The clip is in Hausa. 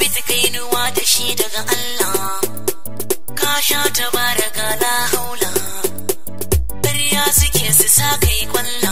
ta kai nuwa da shi daga Allah ka sha tabaraka la haula ƙarya suke su sa kai kwallo